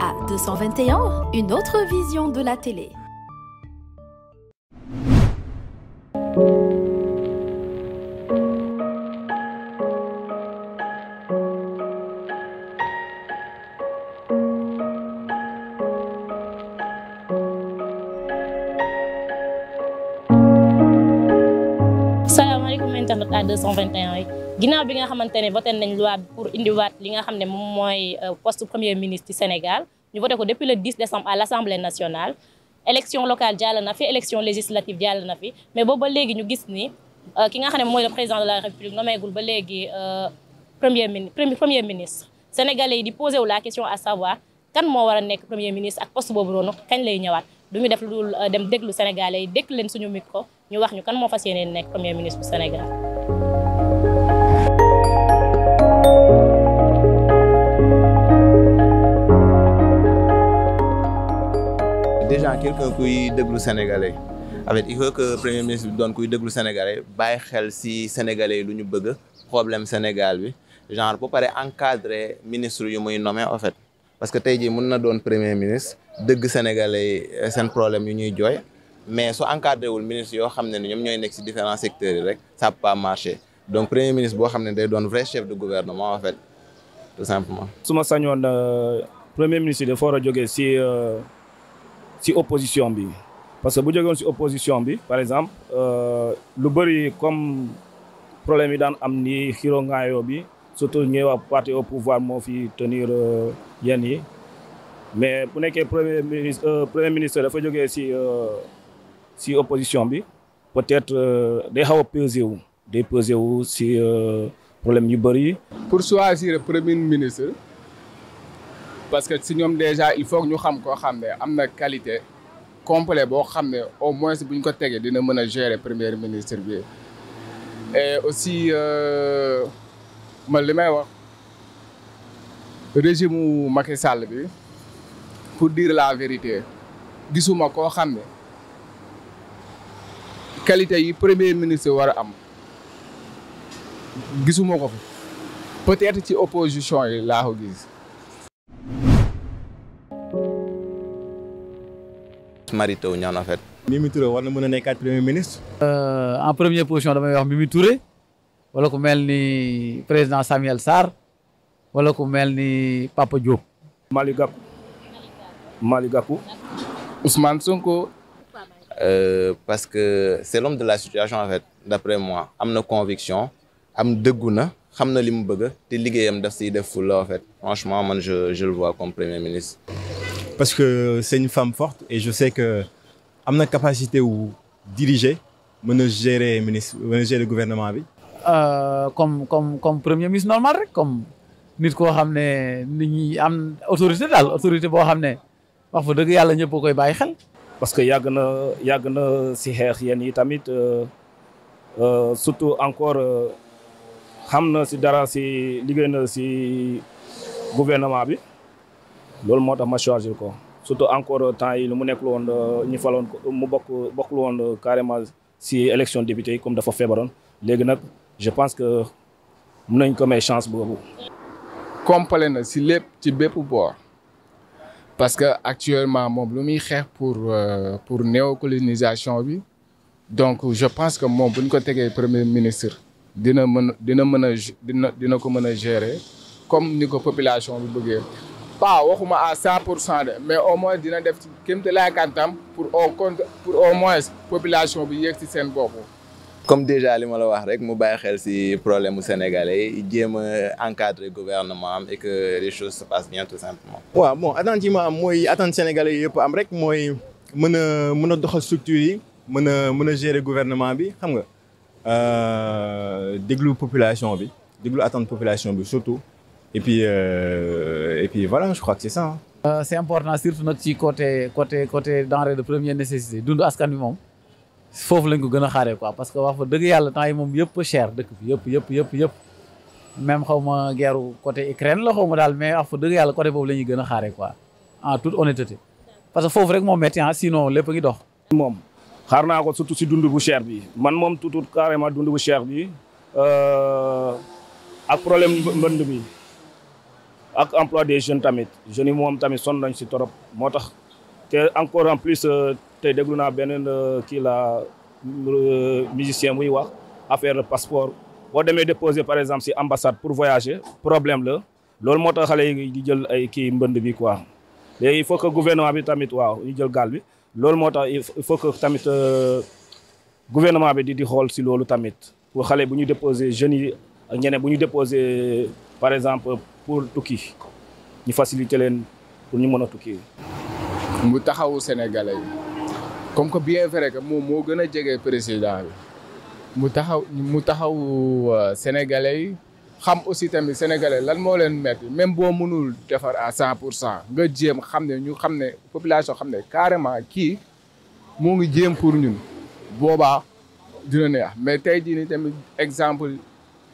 À 221, une autre vision de la télé. Salam alaikum internet à 221 ginaaw bi nga xamante ne voté nañ loi pour indiwaat li nga xam ne moom mooy euh, poste premier ministre ci Sénégal ñu voté ko depuis le 10 décembre à l'Assemblée nationale élection locale jàll na fi élection législative jàll na fi mais boobu ba léegi ñu gis ni euh, ki nga xam ne mooy le président de la République nommeegul ba léegi euh, premier ministre premier ministre sénégalais yi di posé wu la question à savoir kan moo war a nekk premier ministre ak poste boobu noonu kañ lay ñëwaat du ñu def lu dul dem déglu sénégalais yi dégg leen suñu micro ñu wax ñu kan moo fas yéene nekk premier ministre bu Sénégal déjà quelqu'un kuy déglu sénégalais avec il faut que premier ministre donne doon kuy sénégalais bàyyi xel si sénégalais lu ñu bëgg problème Sénégal bi genre pour pare encadrer ministre yu muy nommé en fait parce que tay ji mën na doon premier ministre deug sénégalais eh, sen un problème yu ñuy joy mais su encadré wul ministre yo xamné ñom ñoy ñoom ñooy nekk différents secteurs rek ça pas marché. donc premier ministre doit xamné day doon vrai chef de gouvernement en fait tout simplement. suma ma euh, premier ministre de war a jógee si. Euh, si opposition bi parce que bu jógoon si opposition bi par exemple euh, le bari comme problème yi daan am ni xiro ngaayoo bi surtout ñuy wax parti au pouvoir mo fi tenir euh, yenn yi mais bu nekkee premier ministre euh, premier ministre dafa jógee si si opposition bi peut-être day xaw a pesé wu day wu problème yu bari pour choisir premier ministre parce que si ñoom déjà il faut que nous xam koo xam ne qualité complet boo au moins bu ñu ko tegee dina mën a gérer premier ministre et aussi je euh, li may wax régime mu Macky Sall pour dire la vérité gisuma koo xam ne qualité yi premier ministre war a am gisuma ko fi peut-être que l'opposition la là. Maritou Teuw en fait. Mimi Touré war na mën a premier ministre. Euh, en première position on wax Mimi Touré wala le président Samuel Sar. wala ku le ni Papa Diop. Malick Gakou. Ousmane Sonko. Euh, parce que c'est l'homme de la situation en fait d'après moi a une conviction am dëggu na xam na li mu bëgg te et daf siy def en fait franchement moi je je le vois comme premier ministre parce que c'est une femme forte et je sais que am na capacité ou diriger mën gérer ministre gérer le gouvernement bi. Euh, comme comme comme premier ministre normal comme nit ko xamné nit ñi am autorité dal autorité bo xamné wax fa deug yalla ñëpp koy bàyyi xel. parce que yàgg na yàgg na si xex yéen yi tamit euh, euh, surtout encore xamna na si dara si liggéey na si gouvernement bi loolu motax ma charger ko surtout encore temps yi lu mu nekkul woon euh, ñu faloon ko mu bokk bokkul euh, carrément si élection député comme dafa feebaroon légui nak je pense que mun nañ ko may chance bobu complet na si lépp ci bép bo parce que actuellement mon lu mi xeex pour euh, pour néocolonisation bi donc je pense que mon buñ ko tégué premier ministre dina mën dina mën dina ko mën gérer comme ni ko population bi bëggee pas waxuma à 100% mais au moins dina def ci kéemtalaay kàttanam pour au compte pour au moins population bi yegg ci sen bop comme déjà lima la wax rek mu baye xel ci problème au sénégalais djema encadrer encadrer gouvernement et que les choses se passent bien tout simplement. waaw bon attente moi attente sénégalais yëpp am rek moy meuna meuna doxal structure yi meuna meuna gérer gouvernement bi xam nga euh, déglu population bi déglu attente population bi surtout et puis euh, et puis voilà je crois que c'est ça. Hein. Euh, c'est important surtout notre côté côté côté denrée de première nécessité dund askan wi moom foofu lañ ko gën a xaaree quoi parce que wax fa dëgg yàlla temps yi moom yëpp cher dëkk bi yëpp yëpp yëpp yëpp. même xaw ma guerre côté Ukraine la xaw ma daal mais wax fa dëgg yàlla côté boobu la ñuy gën a quoi en toute honnêteté parce que foofu rek moom métti ah, sinon lépp ngi dox. moom xaar naa ko surtout si dund bu cher bi man mom tout tout carrément dund bu cher bi euh ak problème mbënd bi ak emploi des jeunes tamit jeunes yi moom tamit son nañ si torop moo tax te encore en plus euh, tey déglu naa beneen euh, kii la euh, musicien muy wax affaire passeport boo demee déposer par exemple si ambassade pour voyager problème la loolu moo tax xale yi di jël ay kii mbënd bi quoi léegi il faut que gouvernement bi tamit waaw ñu jël gaal bi loolu moo tax il faut que tamit gouvernement bi di di xool si loolu tamit pour xale bu ñu déposer jeunes yi ak ñeneen bu ñu déposer par exemple pour tukki ñu faciliter leen pour ñu mën a tukki. mu taxaw sénégalais yi comme que bien vrai que moom moo gën a jege président bi mu taxaw mu taxawu euh, sénégalais yi xam aussi tamit sénégalais lan moo leen metti même boo munul defar à cent pour cent nga jéem xam ne ñu xam ne population xam ne carrément kii mu ngi jéem pour ñun boobaa dina neex mais tey jii tamit exemple.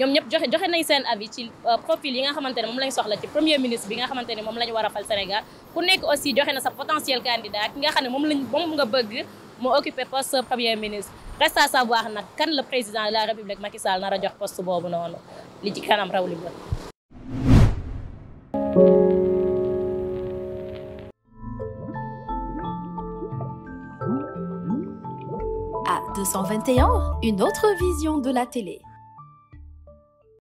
ñom ñep joxe joxe nañ seen avis ci euh, profil yi nga xamante ne moom lañ soxla ci premier ministre bi nga xamante ne moom la ñu fal Sénégal ku nekk aussi joxe na sa potentiel candidat ki nga xam mom lañ moom nga bëgg mo occuper poste premier ministre reste à savoir nak kan le président de la république Macky Sall nara jox poste bobu noonu li ci kanam raw li bët À 221, une autre vision de la télé.